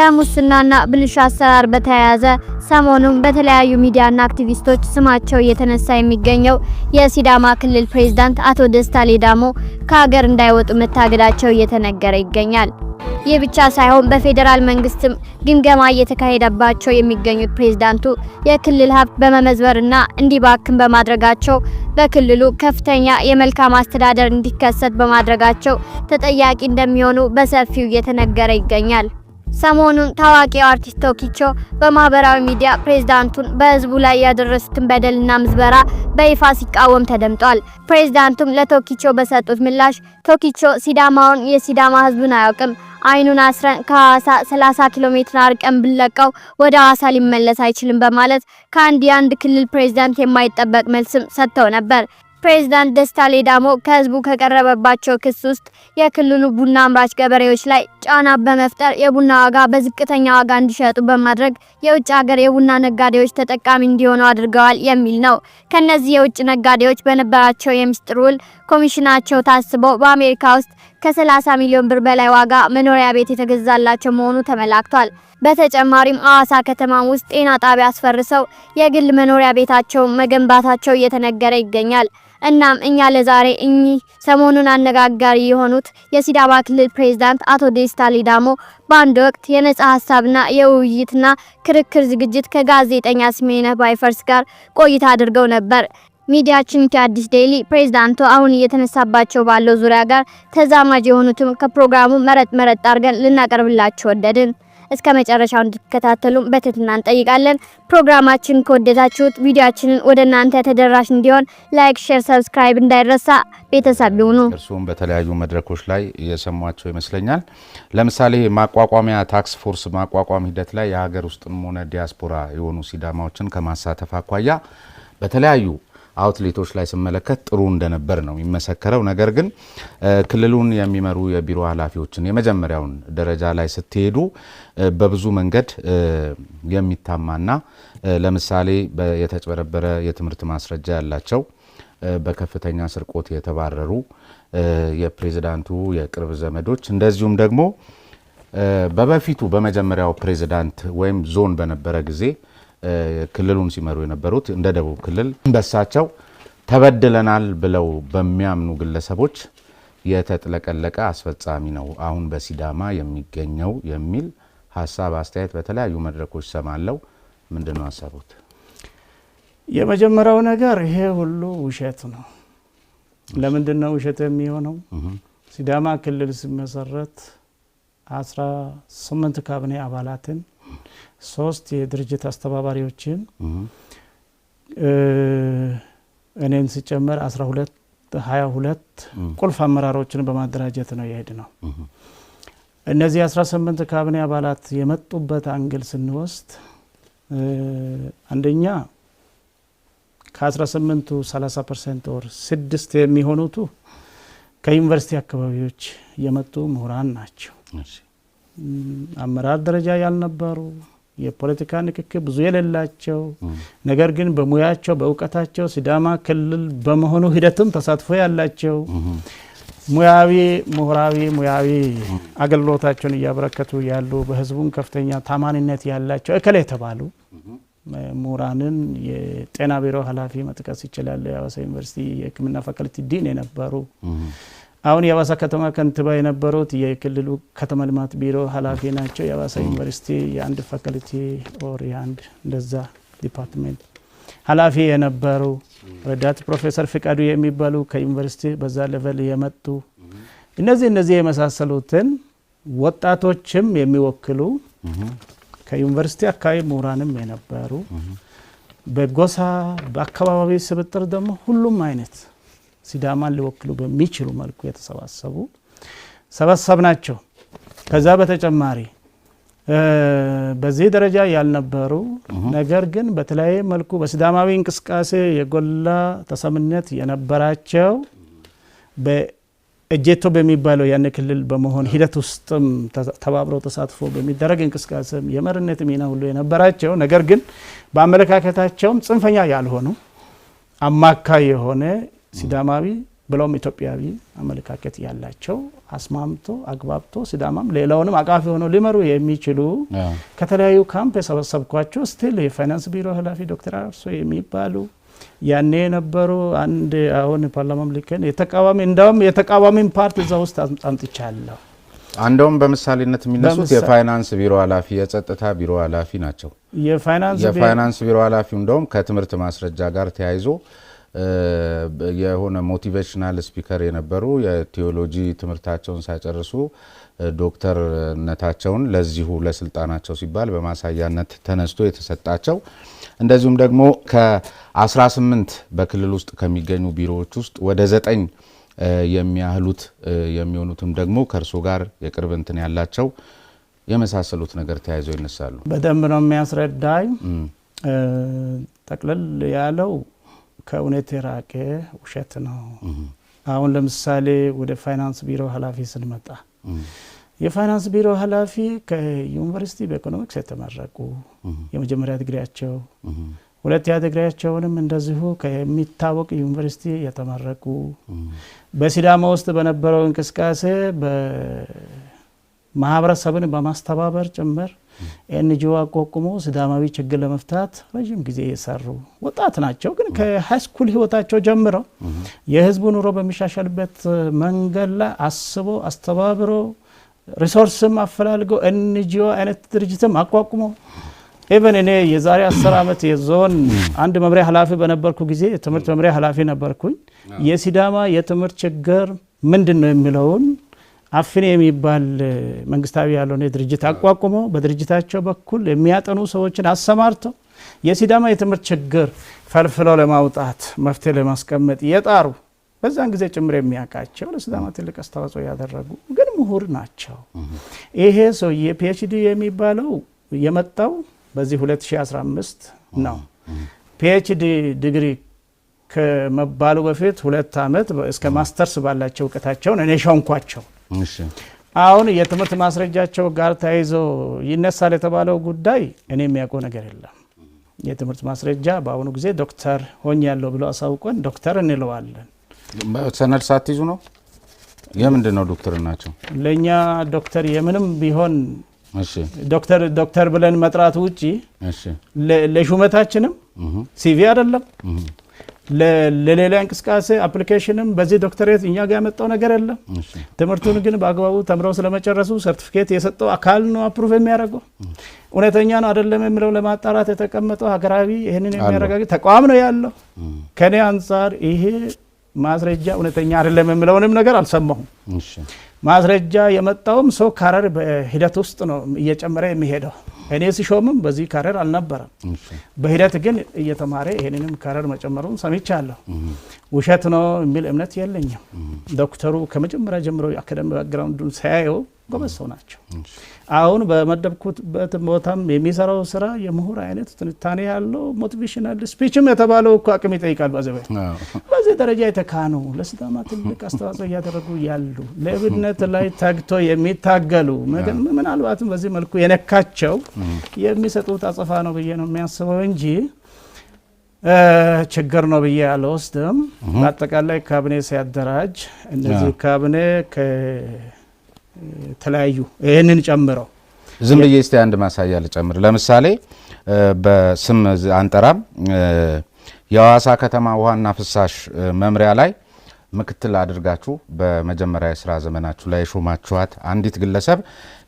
ከሙስናና ብልሹ አሰራር በተያያዘ ሰሞኑን በተለያዩ ሚዲያና አክቲቪስቶች ስማቸው እየተነሳ የሚገኘው የሲዳማ ክልል ፕሬዝዳንት አቶ ደስታ ሌዳሞ ከሀገር እንዳይወጡ መታገዳቸው እየተነገረ ይገኛል። ይህ ብቻ ሳይሆን በፌዴራል መንግስትም ግምገማ እየተካሄደባቸው የሚገኙት ፕሬዝዳንቱ የክልል ሀብት በመመዝበርና እንዲባክን በማድረጋቸው በክልሉ ከፍተኛ የመልካም አስተዳደር እንዲከሰት በማድረጋቸው ተጠያቂ እንደሚሆኑ በሰፊው እየተነገረ ይገኛል። ሰሞኑን ታዋቂው አርቲስት ቶኪቾ በማህበራዊ ሚዲያ ፕሬዝዳንቱን በህዝቡ ላይ ያደረሱትን በደልና ምዝበራ በይፋ ሲቃወም ተደምጧል። ፕሬዝዳንቱም ለቶኪቾ በሰጡት ምላሽ ቶኪቾ ሲዳማውን የሲዳማ ህዝብን አያውቅም፣ አይኑን አስረን ከሐዋሳ 30 ኪሎ ሜትር አርቀን ብንለቀው ወደ ሐዋሳ ሊመለስ አይችልም በማለት ከአንድ የአንድ ክልል ፕሬዝዳንት የማይጠበቅ መልስም ሰጥተው ነበር። ፕሬዝዳንት ደስታ ሌዳሞ ከህዝቡ ከቀረበባቸው ክስ ውስጥ የክልሉ ቡና አምራች ገበሬዎች ላይ ጫና በመፍጠር የቡና ዋጋ በዝቅተኛ ዋጋ እንዲሸጡ በማድረግ የውጭ ሀገር የቡና ነጋዴዎች ተጠቃሚ እንዲሆኑ አድርገዋል የሚል ነው። ከነዚህ የውጭ ነጋዴዎች በነበራቸው የሚስጥር ውል ኮሚሽናቸው ታስቦ በአሜሪካ ውስጥ ከ30 ሚሊዮን ብር በላይ ዋጋ መኖሪያ ቤት የተገዛላቸው መሆኑ ተመላክቷል። በተጨማሪም አዋሳ ከተማ ውስጥ ጤና ጣቢያ አስፈርሰው የግል መኖሪያ ቤታቸው መገንባታቸው እየተነገረ ይገኛል። እናም እኛ ለዛሬ እኚህ ሰሞኑን አነጋጋሪ የሆኑት የሲዳማ ክልል ፕሬዝዳንት አቶ ደስታ ሊዳሞ በአንድ ወቅት የነጻ ሀሳብና የውይይትና ክርክር ዝግጅት ከጋዜጠኛ ስሜነህ ባይፈርስ ጋር ቆይታ አድርገው ነበር። ሚዲያችን ከአዲስ ዴይሊ ፕሬዝዳንቱ አሁን እየተነሳባቸው ባለው ዙሪያ ጋር ተዛማጅ የሆኑትም ከፕሮግራሙ መረጥ መረጥ አድርገን ልናቀርብላችሁ ወደድን። እስከ መጨረሻው እንድትከታተሉም በትህትና እንጠይቃለን። ፕሮግራማችን ከወደዳችሁት ቪዲዮአችንን ወደ እናንተ ተደራሽ እንዲሆን ላይክ፣ ሼር፣ ሰብስክራይብ እንዳይረሳ ቤተሰብ ይሁኑ። እርሱም በተለያዩ መድረኮች ላይ የሰሟቸው ይመስለኛል። ለምሳሌ ማቋቋሚያ ታክስ ፎርስ ማቋቋም ሂደት ላይ የሀገር ውስጥም ሆነ ዲያስፖራ የሆኑ ሲዳማዎችን ከማሳተፍ አኳያ በተለያዩ አውትሌቶች ላይ ስመለከት ጥሩ እንደነበር ነው የሚመሰከረው። ነገር ግን ክልሉን የሚመሩ የቢሮ ኃላፊዎችን የመጀመሪያውን ደረጃ ላይ ስትሄዱ በብዙ መንገድ የሚታማና ለምሳሌ የተጭበረበረ የትምህርት ማስረጃ ያላቸው በከፍተኛ ስርቆት የተባረሩ የፕሬዝዳንቱ የቅርብ ዘመዶች እንደዚሁም ደግሞ በበፊቱ በመጀመሪያው ፕሬዝዳንት ወይም ዞን በነበረ ጊዜ ክልሉን ሲመሩ የነበሩት እንደ ደቡብ ክልል በሳቸው ተበድለናል ብለው በሚያምኑ ግለሰቦች የተጥለቀለቀ አስፈጻሚ ነው አሁን በሲዳማ የሚገኘው የሚል ሀሳብ፣ አስተያየት በተለያዩ መድረኮች ሰማለው። ምንድን ነው አሰቡት? የመጀመሪያው ነገር ይሄ ሁሉ ውሸት ነው። ለምንድን ነው ውሸት የሚሆነው? ሲዳማ ክልል ሲመሰረት 18 ካቢኔ አባላትን ሶስት የድርጅት አስተባባሪዎችን እኔን ሲጨመር አስራ ሁለት ሀያ ሁለት ቁልፍ አመራሮችን በማደራጀት ነው የሄድ ነው። እነዚህ አስራ ስምንት ካቢኔ አባላት የመጡበት አንግል ስንወስድ አንደኛ ከአስራ ስምንቱ ሰላሳ ፐርሰንት ወር ስድስት የሚሆኑቱ ከዩኒቨርሲቲ አካባቢዎች የመጡ ምሁራን ናቸው። አመራር ደረጃ ያልነበሩ የፖለቲካ ንክክ ብዙ የሌላቸው ነገር ግን በሙያቸው በእውቀታቸው ሲዳማ ክልል በመሆኑ ሂደትም ተሳትፎ ያላቸው ሙያዊ ምሁራዊ ሙያዊ አገልግሎታቸውን እያበረከቱ ያሉ በህዝቡን ከፍተኛ ታማኒነት ያላቸው እከላ የተባሉ ምሁራንን የጤና ቢሮ ኃላፊ መጥቀስ ይችላል። የአዋሳ ዩኒቨርሲቲ የሕክምና ፋካልቲ ዲን የነበሩ አሁን የአዋሳ ከተማ ከንቲባ የነበሩት የክልሉ ከተማ ልማት ቢሮ ኃላፊ ናቸው። የአዋሳ ዩኒቨርሲቲ የአንድ ፋካልቲ ኦር የአንድ እንደዛ ዲፓርትሜንት ኃላፊ የነበሩ ረዳት ፕሮፌሰር ፍቃዱ የሚባሉ ከዩኒቨርሲቲ በዛ ሌቨል የመጡ እነዚህ እነዚህ የመሳሰሉትን ወጣቶችም የሚወክሉ ከዩኒቨርሲቲ አካባቢ ምሁራንም የነበሩ በጎሳ በአካባቢ ስብጥር ደግሞ ሁሉም አይነት ሲዳማን ሊወክሉ በሚችሉ መልኩ የተሰባሰቡ ሰበሰብ ናቸው። ከዛ በተጨማሪ በዚህ ደረጃ ያልነበሩ ነገር ግን በተለያየ መልኩ በሲዳማዊ እንቅስቃሴ የጎላ ተሰምነት የነበራቸው በእጀቶ በሚባለው ያን ክልል በመሆን ሂደት ውስጥም ተባብረው ተሳትፎ በሚደረግ እንቅስቃሴ የመርነት ሚና ሁሉ የነበራቸው ነገር ግን በአመለካከታቸውም ጽንፈኛ ያልሆኑ አማካይ የሆነ ሲዳማዊ ብለውም ኢትዮጵያዊ አመለካከት ያላቸው አስማምቶ አግባብቶ ሲዳማም ሌላውንም አቃፊ ሆነው ሊመሩ የሚችሉ ከተለያዩ ካምፕ የሰበሰብኳቸው ስቲል የፋይናንስ ቢሮ ኃላፊ ዶክተር አርሶ የሚባሉ ያኔ የነበሩ አንድ አሁን ፓርላማም ሊከን የተቃዋሚ እንዳውም የተቃዋሚን ፓርቲ እዛ ውስጥ አምጥቻለሁ። አንደውም በምሳሌነት የሚነሱት የፋይናንስ ቢሮ ኃላፊ የጸጥታ ቢሮ ኃላፊ ናቸው። የፋይናንስ ቢሮ ኃላፊው እንደውም ከትምህርት ማስረጃ ጋር ተያይዞ የሆነ ሞቲቬሽናል ስፒከር የነበሩ የቴዎሎጂ ትምህርታቸውን ሳይጨርሱ ዶክተርነታቸውን ለዚሁ ለስልጣናቸው ሲባል በማሳያነት ተነስቶ የተሰጣቸው እንደዚሁም ደግሞ ከ18 በክልል ውስጥ ከሚገኙ ቢሮዎች ውስጥ ወደ ዘጠኝ የሚያህሉት የሚሆኑትም ደግሞ ከእርሶ ጋር የቅርብ እንትን ያላቸው የመሳሰሉት ነገር ተያይዘው ይነሳሉ። በደንብ ነው የሚያስረዳኝ ጠቅልል ያለው ከእውነት የራቀ ውሸት ነው። አሁን ለምሳሌ ወደ ፋይናንስ ቢሮ ኃላፊ ስንመጣ የፋይናንስ ቢሮ ኃላፊ ከዩኒቨርሲቲ በኢኮኖሚክስ የተመረቁ የመጀመሪያ ድግሪያቸው፣ ሁለተኛ ዲግሪያቸውንም እንደዚሁ ከሚታወቅ ዩኒቨርሲቲ የተመረቁ በሲዳማ ውስጥ በነበረው እንቅስቃሴ ማህበረሰብን በማስተባበር ጭምር ኤንጂኦ አቋቁሞ ስዳማዊ ችግር ለመፍታት ረዥም ጊዜ የሰሩ ወጣት ናቸው። ግን ከሃይስኩል ህይወታቸው ጀምረው የህዝቡ ኑሮ በሚሻሻልበት መንገድ ላይ አስቦ አስተባብሮ ሪሶርስም አፈላልገው ኤንጂኦ አይነት ድርጅትም አቋቁሞ ኢቨን እኔ የዛሬ አስር ዓመት የዞን አንድ መምሪያ ኃላፊ በነበርኩ ጊዜ የትምህርት መምሪያ ኃላፊ ነበርኩኝ። የሲዳማ የትምህርት ችግር ምንድን ነው የሚለውን አፍኔ የሚባል መንግስታዊ ያልሆነ ድርጅት አቋቁመው በድርጅታቸው በኩል የሚያጠኑ ሰዎችን አሰማርተው የሲዳማ የትምህርት ችግር ፈልፍለው ለማውጣት መፍትሄ ለማስቀመጥ የጣሩ በዛን ጊዜ ጭምር የሚያውቃቸው ለሲዳማ ትልቅ አስተዋጽኦ ያደረጉ ግን ምሁር ናቸው። ይሄ ሰውዬ ፒኤችዲ የሚባለው የመጣው በዚህ 2015 ነው። ፒኤችዲ ዲግሪ ከመባሉ በፊት ሁለት ዓመት እስከ ማስተርስ ባላቸው እውቀታቸውን እኔ ሸንኳቸው አሁን የትምህርት ማስረጃቸው ጋር ተያይዞ ይነሳል የተባለው ጉዳይ እኔ የሚያውቀው ነገር የለም። የትምህርት ማስረጃ በአሁኑ ጊዜ ዶክተር ሆኝ ያለው ብሎ አሳውቀን ዶክተር እንለዋለን። ሰነድ ሳትይዙ ነው? የምንድን ነው ዶክተር ናቸው? ለእኛ ዶክተር የምንም ቢሆን ዶክተር ዶክተር ብለን መጥራት ውጭ ለሹመታችንም ሲቪ አይደለም ለሌላ እንቅስቃሴ አፕሊኬሽንም በዚህ ዶክተሬት እኛ ጋር ያመጣው ነገር የለም። ትምህርቱን ግን በአግባቡ ተምረው ስለመጨረሱ ሰርቲፊኬት የሰጠው አካል ነው አፕሩቭ የሚያደርገው እውነተኛ ነው አይደለም የሚለው ለማጣራት የተቀመጠው ሀገራዊ ይህንን የሚያረጋግጥ ተቋም ነው ያለው። ከኔ አንጻር ይሄ ማስረጃ እውነተኛ አይደለም የሚለውንም ነገር አልሰማሁም። ማስረጃ የመጣውም ሰው ካረር በሂደት ውስጥ ነው እየጨመረ የሚሄደው። እኔ ሲሾምም በዚህ ካረር አልነበረም። በሂደት ግን እየተማረ ይህንንም ካረር መጨመሩን ሰምቻለሁ። ውሸት ነው የሚል እምነት የለኝም። ዶክተሩ ከመጀመሪያ ጀምሮ አካደሚ ባግራውንዱን ሳያየው ጎበዝ ሰው ናቸው። አሁን በመደብኩበት ቦታም የሚሰራው ስራ የምሁር አይነት ትንታኔ ያለው ሞቲቬሽናል ስፒችም የተባለው እኮ አቅም ይጠይቃል። በዘበ በዚህ ደረጃ የተካኑ ለስዳማ ትልቅ አስተዋጽኦ እያደረጉ ያሉ ለእብድነት ላይ ተግቶ የሚታገሉ ምናልባትም በዚህ መልኩ የነካቸው የሚሰጡት አጽፋ ነው ብዬ ነው የሚያስበው እንጂ ችግር ነው ብዬ አልወስድም። በአጠቃላይ ካቢኔ ሲያደራጅ እነዚህ ካቢኔ ተለያዩ ይህንን ጨምረው ዝም ብዬ እስቲ አንድ ማሳያ ልጨምር። ለምሳሌ በስም አንጠራም፣ የሐዋሳ ከተማ ውሃና ፍሳሽ መምሪያ ላይ ምክትል አድርጋችሁ በመጀመሪያ የስራ ዘመናችሁ ላይ የሾማችኋት አንዲት ግለሰብ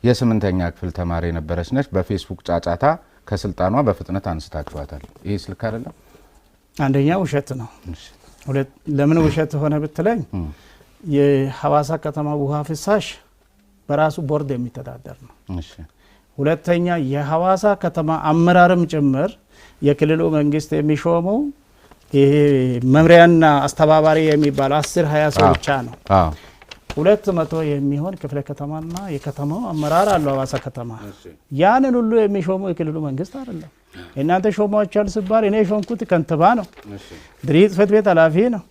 የስምንተኛ ክፍል ተማሪ የነበረች ነች። በፌስቡክ ጫጫታ ከስልጣኗ በፍጥነት አንስታችኋታል። ይህ ስልክ አይደለም። አንደኛ ውሸት ነው። ለምን ውሸት ሆነ ብትለኝ የሐዋሳ ከተማ ውሃ ፍሳሽ በራሱ ቦርድ የሚተዳደር ነው። ሁለተኛ የሐዋሳ ከተማ አመራርም ጭምር የክልሉ መንግስት የሚሾመው ይሄ መምሪያና አስተባባሪ የሚባል አስር ሀያ ሰው ብቻ ነው። ሁለት መቶ የሚሆን ክፍለ ከተማና የከተማው አመራር አለው ሐዋሳ ከተማ። ያንን ሁሉ የሚሾመው የክልሉ መንግስት አይደለም። እናንተ ሾሟቸዋል ስባል እኔ የሾምኩት ከንቲባ ነው፣ ድርጅት ጽሕፈት ቤት ኃላፊ ነው።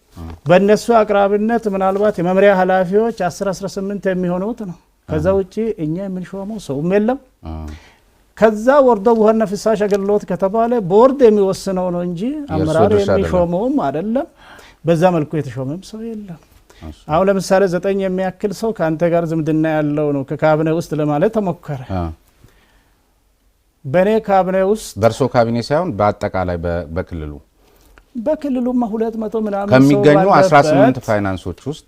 በእነሱ አቅራቢነት ምናልባት የመምሪያ ኃላፊዎች 10 18 የሚሆኑት ነው። ከዛ ውጭ እኛ የምንሾመው ሰውም የለም። ከዛ ወርዶ ውሃና ፍሳሽ አገልግሎት ከተባለ ቦርድ የሚወስነው ነው እንጂ አመራር የሚሾመውም አይደለም። በዛ መልኩ የተሾመም ሰው የለም። አሁን ለምሳሌ ዘጠኝ የሚያክል ሰው ከአንተ ጋር ዝምድና ያለው ነው ከካቢኔ ውስጥ ለማለት ተሞከረ። በእኔ ካቢኔ ውስጥ በእርሶ ካቢኔ ሳይሆን በአጠቃላይ በክልሉ በክልሉማ ሁለት መቶ ምናምን ከሚገኙ 18 ፋይናንሶች ውስጥ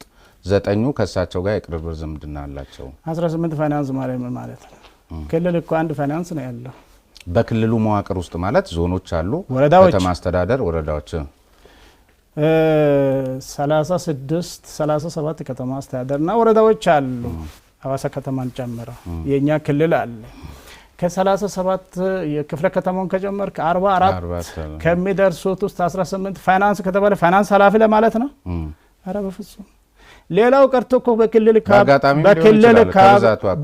ዘጠኙ ከእሳቸው ጋር የቅርብ ዝምድና አላቸው። 18 ፋይናንስ ማለት ማለት ነው? ክልል እኮ አንድ ፋይናንስ ነው ያለው። በክልሉ መዋቅር ውስጥ ማለት ዞኖች አሉ፣ ከተማ አስተዳደር፣ ወረዳዎች 36 37 ከተማ አስተዳደርና ወረዳዎች አሉ፣ ሀዋሳ ከተማን ጨምረው የእኛ ክልል አለ። ከ37 የክፍለ ከተማውን ከጨመር ከ44 ከሚደርሱት ውስጥ 18 ፋይናንስ ከተባለ ፋይናንስ ኃላፊ ለማለት ነው። አረ በፍጹም ሌላው ቀርቶ እኮ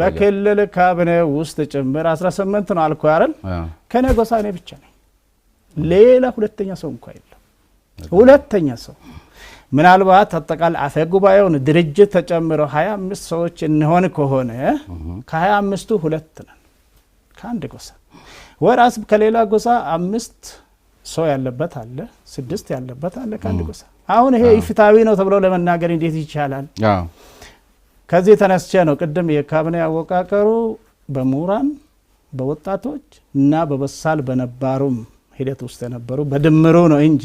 በክልል ካብኔ ውስጥ ጭምር 18 ነው አልኩ አይደል? ከኔ ጎሳ እኔ ብቻ ነኝ። ሌላ ሁለተኛ ሰው እንኳ የለም። ሁለተኛ ሰው ምናልባት አጠቃላይ አፈ ጉባኤውን ድርጅት ተጨምሮ 25 ሰዎች እንሆን ከሆነ ከ25ቱ ሁለት ነን ከአንድ ጎሳ ወራስ ከሌላ ጎሳ አምስት ሰው ያለበት አለ፣ ስድስት ያለበት አለ ከአንድ ጎሳ። አሁን ይሄ ኢፍትሐዊ ነው ተብሎ ለመናገር እንዴት ይቻላል? ከዚህ ተነስቼ ነው ቅድም የካቢኔ አወቃቀሩ በምሁራን በወጣቶች እና በበሳል በነባሩም ሂደት ውስጥ የነበሩ በድምሩ ነው እንጂ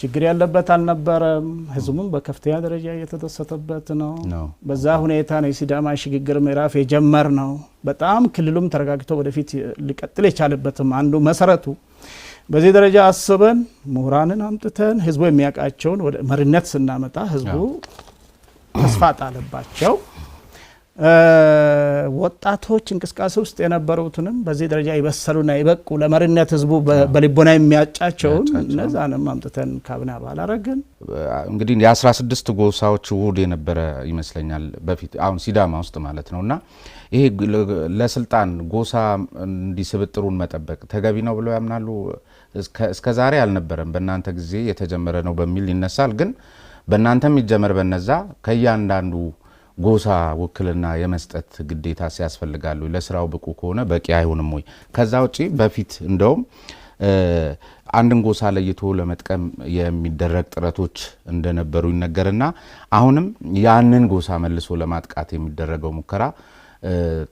ችግር ያለበት አልነበረም። ህዝቡም በከፍተኛ ደረጃ እየተደሰተበት ነው። በዛ ሁኔታ ነው የሲዳማ ሽግግር ምዕራፍ የጀመር ነው። በጣም ክልሉም ተረጋግቶ ወደፊት ሊቀጥል የቻለበትም አንዱ መሰረቱ በዚህ ደረጃ አስበን ምሁራንን አምጥተን ህዝቡ የሚያውቃቸውን ወደ መሪነት ስናመጣ ህዝቡ ተስፋ ጣለባቸው። ወጣቶች እንቅስቃሴ ውስጥ የነበሩትንም በዚህ ደረጃ ይበሰሉና ይበቁ ለመሪነት ህዝቡ በልቦና የሚያጫቸውን እነዛንም አምጥተን ካቢኔ አባል አረግን። እንግዲህ የ16 ጎሳዎች ውህድ የነበረ ይመስለኛል በፊት አሁን ሲዳማ ውስጥ ማለት ነው። እና ይሄ ለስልጣን ጎሳ እንዲስብጥሩን መጠበቅ ተገቢ ነው ብለው ያምናሉ። እስከ ዛሬ አልነበረም፣ በእናንተ ጊዜ የተጀመረ ነው በሚል ይነሳል። ግን በእናንተም ይጀመር በነዛ ከእያንዳንዱ ጎሳ ውክልና የመስጠት ግዴታ ሲያስፈልጋሉ ለስራው ብቁ ከሆነ በቂ አይሆንም ወይ? ከዛ ውጪ በፊት እንደውም አንድን ጎሳ ለይቶ ለመጥቀም የሚደረግ ጥረቶች እንደነበሩ ይነገርና አሁንም ያንን ጎሳ መልሶ ለማጥቃት የሚደረገው ሙከራ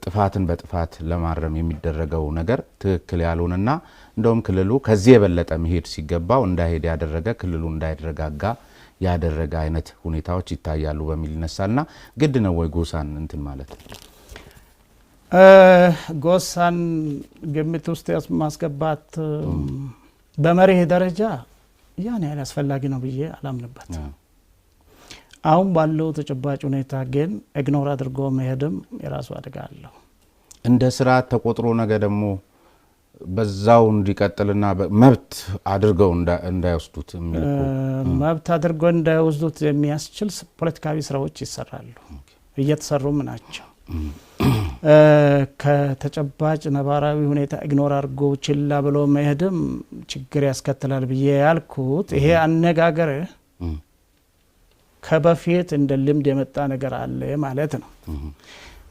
ጥፋትን በጥፋት ለማረም የሚደረገው ነገር ትክክል ያልሆነና እንደውም ክልሉ ከዚህ የበለጠ መሄድ ሲገባው እንዳይሄድ ያደረገ ክልሉ እንዳይረጋጋ ያደረገ አይነት ሁኔታዎች ይታያሉ በሚል ይነሳልና ግድ ነው ወይ ጎሳን እንትን ማለት ጎሳን ግምት ውስጥ ማስገባት በመርህ ደረጃ ያን ያህል አስፈላጊ ነው ብዬ አላምንበት። አሁን ባለው ተጨባጭ ሁኔታ ግን ኢግኖር አድርጎ መሄድም የራሱ አደጋ አለው እንደ ስርዓት ተቆጥሮ ነገ ደግሞ በዛው እንዲቀጥልና መብት አድርገው እንዳይወስዱት መብት አድርገው እንዳይወስዱት የሚያስችል ፖለቲካዊ ስራዎች ይሰራሉ፣ እየተሰሩም ናቸው። ከተጨባጭ ነባራዊ ሁኔታ ኢግኖር አድርጎ ችላ ብሎ መሄድም ችግር ያስከትላል ብዬ ያልኩት ይሄ አነጋገር ከበፊት እንደ ልምድ የመጣ ነገር አለ ማለት ነው።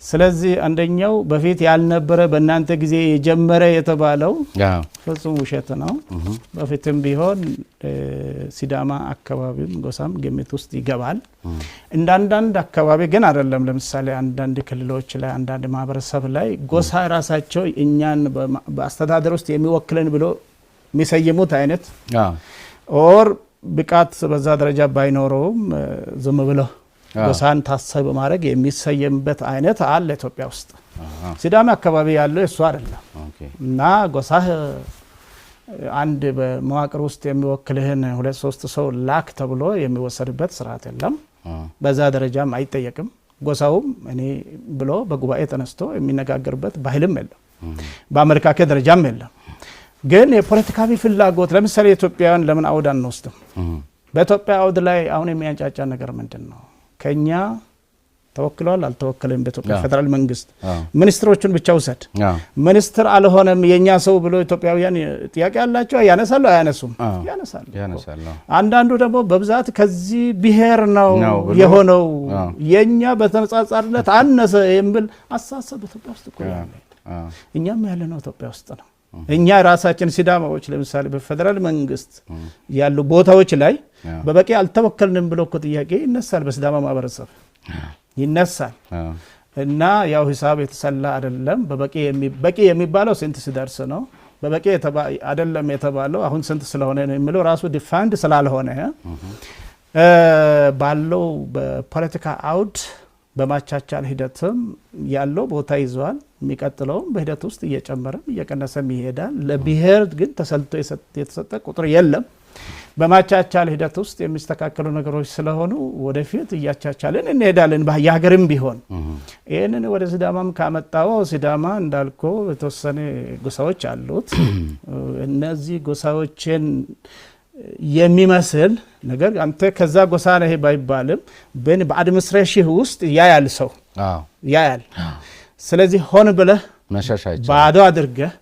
ስለዚህ አንደኛው በፊት ያልነበረ በእናንተ ጊዜ የጀመረ የተባለው ፍጹም ውሸት ነው። በፊትም ቢሆን ሲዳማ አካባቢም ጎሳም ግምት ውስጥ ይገባል። እንደ አካባቢ ግን አይደለም። ለምሳሌ አንዳንድ ክልሎች ላይ አንዳንድ ማህበረሰብ ላይ ጎሳ ራሳቸው እኛን በአስተዳደር ውስጥ የሚወክለን ብሎ የሚሰይሙት አይነት ኦር ብቃት በዛ ደረጃ ባይኖረውም ዝም ብለው ጎሳን ታሳቢ በማድረግ የሚሰየምበት አይነት አለ ኢትዮጵያ ውስጥ። ሲዳሜ አካባቢ ያለው እሱ አይደለም እና ጎሳህ አንድ በመዋቅር ውስጥ የሚወክልህን ሁለት ሶስት ሰው ላክ ተብሎ የሚወሰድበት ስርዓት የለም። በዛ ደረጃም አይጠየቅም። ጎሳውም እኔ ብሎ በጉባኤ ተነስቶ የሚነጋገርበት ባህልም የለም፣ በአመለካከት ደረጃም የለም። ግን የፖለቲካዊ ፍላጎት ለምሳሌ ኢትዮጵያውያን ለምን አውድ አንወስድም? በኢትዮጵያ አውድ ላይ አሁን የሚያንጫጫ ነገር ምንድን ነው? ከኛ ተወክለዋል አልተወከለም? በኢትዮጵያ ፌዴራል መንግስት ሚኒስትሮቹን ብቻ ውሰድ። ሚኒስትር አልሆነም የእኛ ሰው ብሎ ኢትዮጵያውያን ጥያቄ አላቸው። ያነሳሉ፣ አያነሱም? ያነሳሉ። አንዳንዱ ደግሞ በብዛት ከዚህ ብሔር ነው የሆነው የእኛ በተነጻጻሪነት አነሰ የሚል አሳሰብ በኢትዮጵያ ውስጥ እኮ እኛም ያለ ነው ኢትዮጵያ ውስጥ ነው። እኛ ራሳችን ሲዳማዎች ለምሳሌ በፌዴራል መንግስት ያሉ ቦታዎች ላይ በበቂ አልተወከልንም ብሎ እኮ ጥያቄ ይነሳል፣ በስዳማ ማህበረሰብ ይነሳል። እና ያው ሂሳብ የተሰላ አይደለም። በበቂ የሚባለው ስንት ሲደርስ ነው? በበቂ አይደለም የተባለው አሁን ስንት ስለሆነ ነው የሚለው ራሱ ዲፋንድ ስላልሆነ ባለው በፖለቲካ አውድ በማቻቻል ሂደትም ያለው ቦታ ይዘዋል። የሚቀጥለውም በሂደት ውስጥ እየጨመረም እየቀነሰም ይሄዳል። ለብሔር ግን ተሰልቶ የተሰጠ ቁጥር የለም። በማቻቻል ሂደት ውስጥ የሚስተካከሉ ነገሮች ስለሆኑ ወደፊት እያቻቻልን እንሄዳለን። የሀገርም ቢሆን ይህንን ወደ ሲዳማም ካመጣው ሲዳማ እንዳልኮ የተወሰነ ጎሳዎች አሉት። እነዚህ ጎሳዎችን የሚመስል ነገር አንተ ከዛ ጎሳ ነህ ባይባልም ብን በአድሚኒስትሬሽን ውስጥ ያያል ሰው ያያል። ስለዚህ ሆን ብለህ ባዶ አድርገህ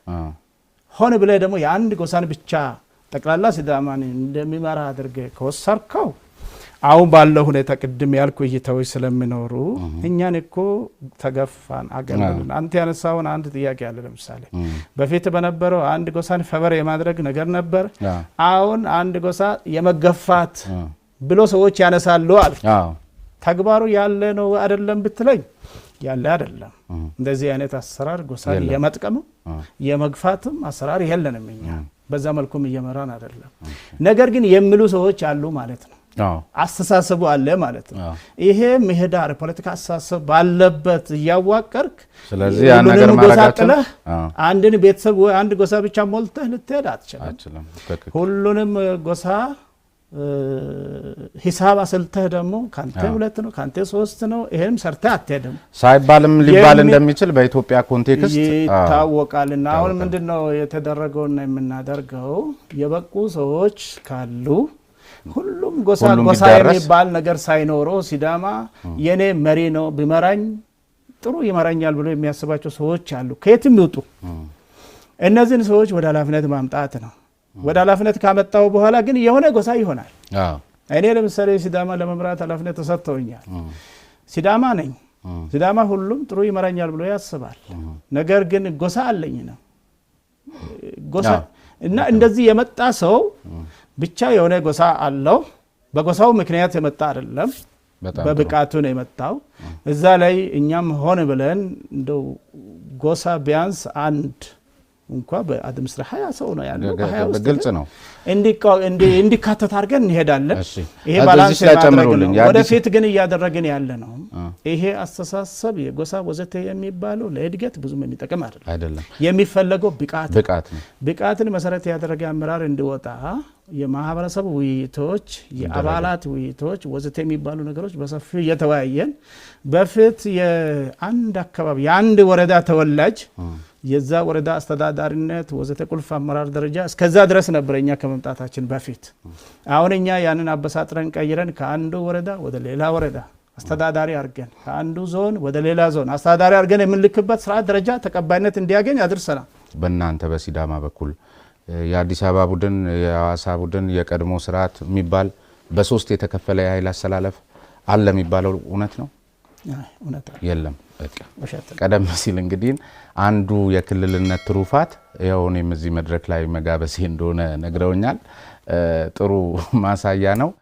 ሆን ብለህ ደግሞ የአንድ ጎሳን ብቻ ጠቅላላ ሲዳማን እንደሚመራ አድርገ ከወሰርከው አሁን ባለው ሁኔታ ቅድም ያልኩ እይታዎች ስለሚኖሩ እኛን እኮ ተገፋን አገለልን። አንተ ያነሳውን አንድ ጥያቄ አለ። ለምሳሌ በፊት በነበረው አንድ ጎሳን ፈበር የማድረግ ነገር ነበር። አሁን አንድ ጎሳ የመገፋት ብሎ ሰዎች ያነሳሉ አሉ። ተግባሩ ያለ ነው አይደለም ብትለኝ ያለ አይደለም። እንደዚህ አይነት አሰራር ጎሳን የመጥቀምም የመግፋትም አሰራር የለንም እኛ በዛ መልኩም እየመራን አይደለም። ነገር ግን የሚሉ ሰዎች አሉ ማለት ነው። አስተሳሰቡ አለ ማለት ነው። ይሄ ምህዳር የፖለቲካ አስተሳሰብ ባለበት እያዋቀርክ ሁሉንም አንድን ቤተሰብ ወይ አንድ ጎሳ ብቻ ሞልተህ ልትሄድ አትችልም። ሁሉንም ጎሳ ሂሳብ አሰልተህ ደግሞ ከአንተ ሁለት ነው ከአንተ ሶስት ነው ይሄም ሰርተህ አትሄድም ሳይባልም ሊባል እንደሚችል በኢትዮጵያ ኮንቴክስት ይታወቃል። እና አሁን ምንድን ነው የተደረገውና የምናደርገው የበቁ ሰዎች ካሉ ሁሉም ጎሳ ጎሳ የሚባል ነገር ሳይኖሮ ሲዳማ የኔ መሪ ነው ብመራኝ ጥሩ ይመራኛል ብሎ የሚያስባቸው ሰዎች አሉ። ከየትም ይውጡ እነዚህን ሰዎች ወደ ኃላፊነት ማምጣት ነው። ወደ ኃላፊነት ካመጣው በኋላ ግን የሆነ ጎሳ ይሆናል። እኔ ለምሳሌ ሲዳማ ለመምራት ኃላፊነት ተሰጥተውኛል። ሲዳማ ነኝ። ሲዳማ ሁሉም ጥሩ ይመራኛል ብሎ ያስባል። ነገር ግን ጎሳ አለኝ ነው ጎሳ እና እንደዚህ የመጣ ሰው ብቻ የሆነ ጎሳ አለው። በጎሳው ምክንያት የመጣ አይደለም፣ በብቃቱ ነው የመጣው። እዛ ላይ እኛም ሆን ብለን እንደው ጎሳ ቢያንስ አንድ እንኳ በአደም ስራ ሀያ ሰው ነው ያለው ግልጽ ነው እንዲካተት አድርገን እንሄዳለን። ይሄ ባላንስ ማድረግ ነው። ወደፊት ግን እያደረግን ያለ ነው። ይሄ አስተሳሰብ የጎሳ ወዘተ የሚባለው ለእድገት ብዙም የሚጠቅም አይደለም። የሚፈለገው ብቃት ብቃት ብቃትን መሰረት ያደረገ አመራር እንዲወጣ የማህበረሰብ ውይይቶች፣ የአባላት ውይይቶች ወዘተ የሚባሉ ነገሮች በሰፊው እየተወያየን በፊት የአንድ አካባቢ የአንድ ወረዳ ተወላጅ የዛ ወረዳ አስተዳዳሪነት ወዘተ ቁልፍ አመራር ደረጃ እስከዛ ድረስ ነበረ እኛ ከመምጣታችን በፊት። አሁን እኛ ያንን አበሳጥረን ቀይረን ከአንዱ ወረዳ ወደ ሌላ ወረዳ አስተዳዳሪ አድርገን ከአንዱ ዞን ወደ ሌላ ዞን አስተዳዳሪ አድርገን የምንልክበት ስርዓት ደረጃ ተቀባይነት እንዲያገኝ አድርሰናል። በእናንተ በሲዳማ በኩል የአዲስ አበባ ቡድን፣ የሐዋሳ ቡድን፣ የቀድሞ ስርዓት የሚባል በሶስት የተከፈለ የኃይል አሰላለፍ አለ የሚባለው እውነት ነው? የለም። ቀደም ሲል እንግዲህ አንዱ የክልልነት ትሩፋት ያው እኔም እዚህ መድረክ ላይ መጋበሴ እንደሆነ ነግረውኛል። ጥሩ ማሳያ ነው።